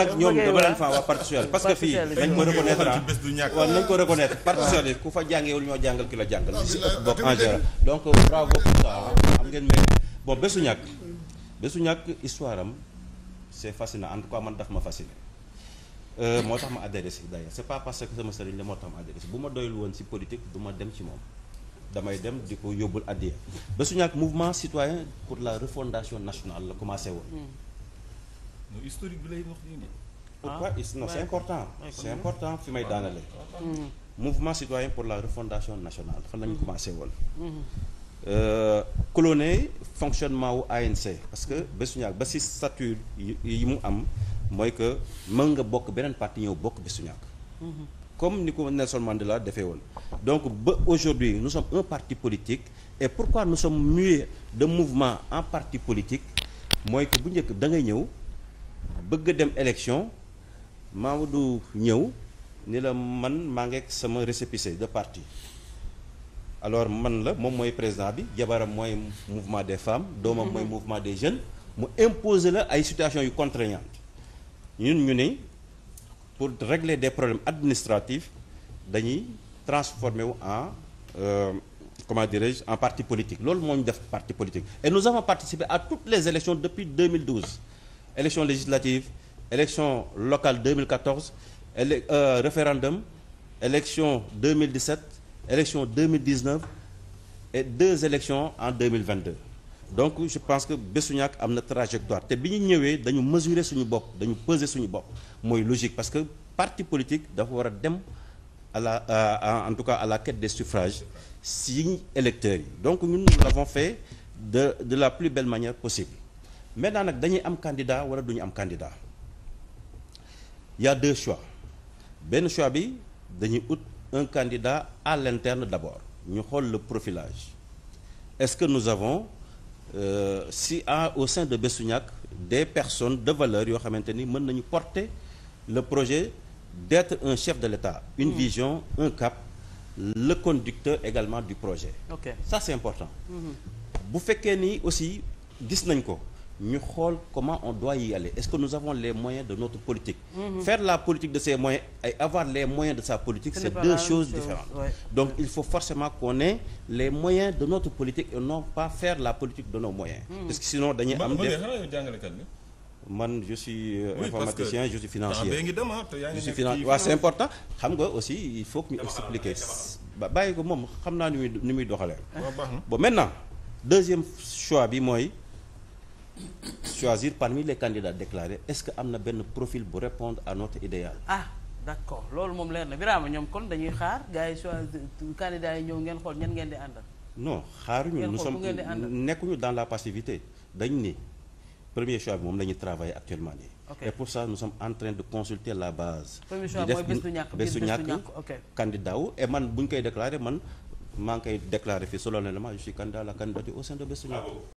nag ñoom dama leen faa waa parti socialiste parce que fii nañ ko reconnaître ah. waaw nañ ko reconnaître ah. am ngeen mais bon bésu ñàkk tout cas man daf ma fasciné euh, moo tax ma adhéré si d'ailleurs c'est parce que sama sëriñ la moo tax woon si politique du ma dem ci moom damay dem di ko yóbbul addiya bésu ñàkk mouvement citoyen pour la refondation nationale la commencé woon mm. non historique bi lay wax nii ah, pourquoi non c'est important fi may daanale mm. mouvement citoyen pour la refondation nationale fan lañu mm. commencé woon mm. euh, cloné fonctionnement wu ANC parce que Bés ba si statut yi mu am mooy que mën nga bokk beneen parti bokk Bés Ñakk mm-hmm. comme ni ko Nelson Mandela defee woon donc ba aujourd'hui nous sommes un parti politique et pourquoi nous sommes mués de mouvement en parti politique mooy que bu njëkk da ngay ñëw bëgg dem élection du ñëw ni la man maa ngi ngeeg sama récépissé de parti alors man la moom mooy président bi jabaram mooy mouvement des femmes doomam mooy mhm. mouvement des jeunes mu imposer la ay situation yu contraignante ñun ñu ni pour régler des problèmes administratifs dañuy transformer wu en euh, comment dirais-je en parti politique loolu moo ñu def parti politique et nous avons participé à toutes les élections depuis élection législative élection locale 2014 ele euh, référendum élection 2017 élection 2019 et deux élections en 2022 donc je pense que Besuniak am na trajectoire te bi ñu ñëwee dañu mesurer suñu bopp dañu peser suñu bopp mooy logique parce que parti politique dafa war a dem à la à, euh, en tout cas à la quête des suffrages si électeurs yi donc ñun nous l'avons fait de de la plus belle manière possible maintenant nag dañuy am candidat wala duñu am candidat yà y deux choix benn choix bi dañuy ut un candidat à l'interne d'abord ñu xool le profilage est-ce que nous avons euh, si à au sein de Bessouniac des personnes de valeur yoo xamante ni mën nañu porter le projet d'être un chef de l'État une mmh. vision un cap le conducteur également du projet okay. ça c'est important hmm. bu fekkee ni aussi gis nañ ko ñu xool comment on doit y aller est-ce que nous avons les moyens de notre politique. Mmh. faire la politique de ses moyens et avoir les moyens de sa politique. c'est deux choses chose. différentes ouais. donc il faut forcément qu'on les moyens de notre politique et non pas faire la politique de nos moyens. Mmh. parce que sinon dañuy am def man je suis euh, informaticien je suis financier ah, je c'est important xam nga aussi il faut ñu expliquer bàyyi ko moom xam naa ni muy ni muy doxalee bon maintenant deuxième choix bi mooy choisir parmi les candidats déclarés est-ce que am na benn profil bu répondre à notre idéal ah d'accord loolu moom leer na Birama ñoom kon dañuy xaar gars yi choisir candidats yi ñëw ngeen xool ñan ngeen di àndal non xaaruñu nous sommes nekkuñu dans la passivité dañ ni premier choix bi moom la ñuy travailler actuellement nii okay. et pour ça nous sommes en train de consulter la base premier choix mooy bés du ñàkk bés du ñàkk candidat wu et man bu koy déclarer man maa ngi koy déclarer fii solennellement je